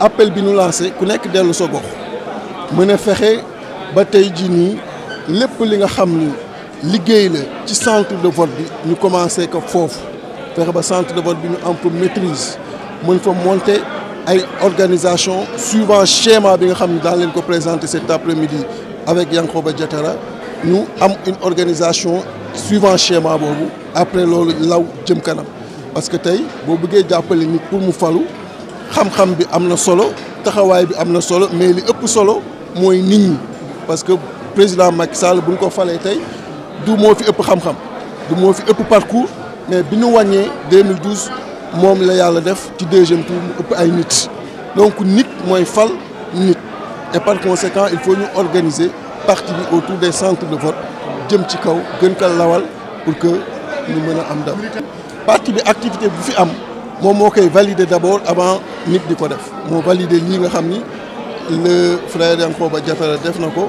appel bi ñu lancé ku nekk dellu sa gox mën a fexe ba tey jii nii lépp li nga xam ni liggéey la ci centre de vote bi ñu commencé ko foofu fexe ba centre de vote bi ñu am fa maîtrise mën fa monter ay organisation suivant schéma bi nga xam ne daan leen ko présenter cet après-midi avec Yankhoba Diattara ñu am une organisation suivant schéma boobu après loolu law jëm kanam parce que tey boo bëggee jàppale nit pour mu falu xam-xam bi am na solo taxawaay bi am na solo mais li ëpp solo mooy nit ñi parce que président Macky Sall bu ñu ko falee tey du moo fi ëpp xam-xam du moo fi ëpp parcours mais bi ñu wàññee 2012 moom la yàlla def ci deuxième tour mu ëpp ay nit donc nit mooy fal nit et par conséquent il faut ñu organiser parti bi autour des centres de vote jëm ci kaw gën ko lawal pour que ñu mën a am dam parti bi activité bu fi am je moo valider d'abord avant nit diko def valider li nga le frère def Nako,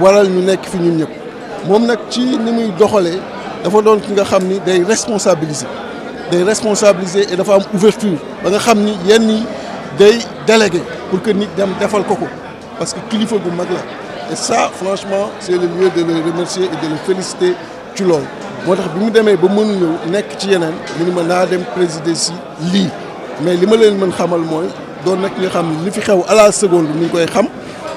waral ñu fi ñun ci ni muy dafa ki nga responsabiliser day responsabiliser et dafa am ouverture ba nga yenn day déléguer pour que nit dem defal parce que kilifa bu mag la et ça franchement c'est le lieu de le remercier et de le féliciter ci monde motax bimu démé ba mënu ñëw nek ci yenen mu ni ma naa dem présider si lii mais li ma leen mën xamal moy doon nak nga xam li fi xew à la seconde ñu ngi koy xam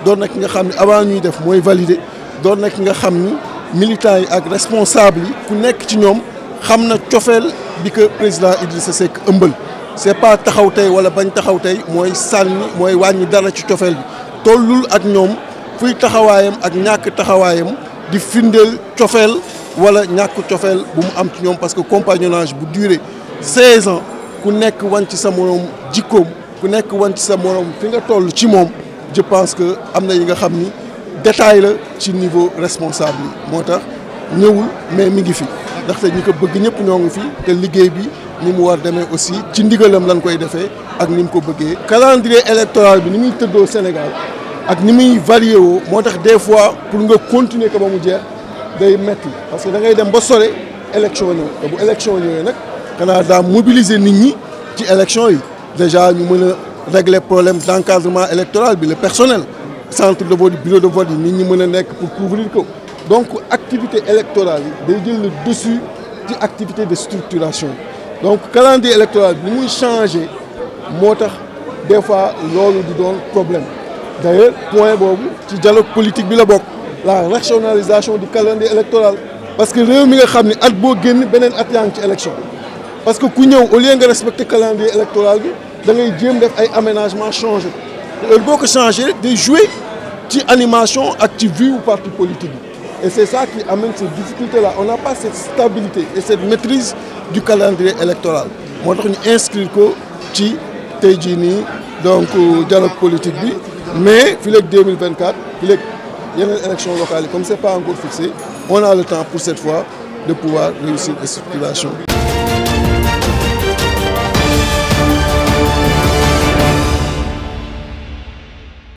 doon nak nga xam ne avant ñuy def moy valider doon nak nga xam ni militants yi ak responsable yi ku nek ci ñom xam na cofeel bi que président Idrissa Seck ëmbal c'est pas taxaw tay wala bañ taxaw tay moy sànni moy wàññi dara ci cofeel bi tollul ak ñom fuy taxawayam ak ñak taxawayam di findel cofeel wala bu mu am parce que compagnonnage bu duré 16 ans ku nekk wan ci sa morom je pense que plus yi nga détail la ci niveau responsable motax ñewul mais mi ngi fi ñi ko bëgg ñëpp ñoo ngi fi te bi ni mu war aussi ci ndigalam lañ koy défé ak ko calendrier électoral bi ni muy Sénégal ak ni muy des fois pour nga continuer ko ba day metti parce que da ngay dem ba sore élection ñëw te bu élection ñëwee mobiliser nit ñi ci yi déjà ñu mën régler problème d'encadrement électoral bi le personnel centre de vote bureau de vote nous nit ñi pour couvrir donc activité électorale le dessus ci activité de structuration donc calendrier électoral bi muy changer motax des fois lolu di don problème D'ailleurs, point bobu ci dialogue politique bi la bokk la rationalisation du calendrier électoral parce que les mi nga ne at boo at parce que ku au lieu de respecter calendrier électoral bi da ngay def aménagement changé te heure que changé jouer des animation active ou parti politique et c'est ça qui amène ces difficultés là on n'a pas cette stabilité et cette maîtrise du calendrier électoral Moi, je inscrit inscrire ko ci euh, dialogue politique mais fii 2024 il y a une élection locale, comme ce n'est pas encore fixé, on a le temps pour cette fois de pouvoir réussir cette circulations.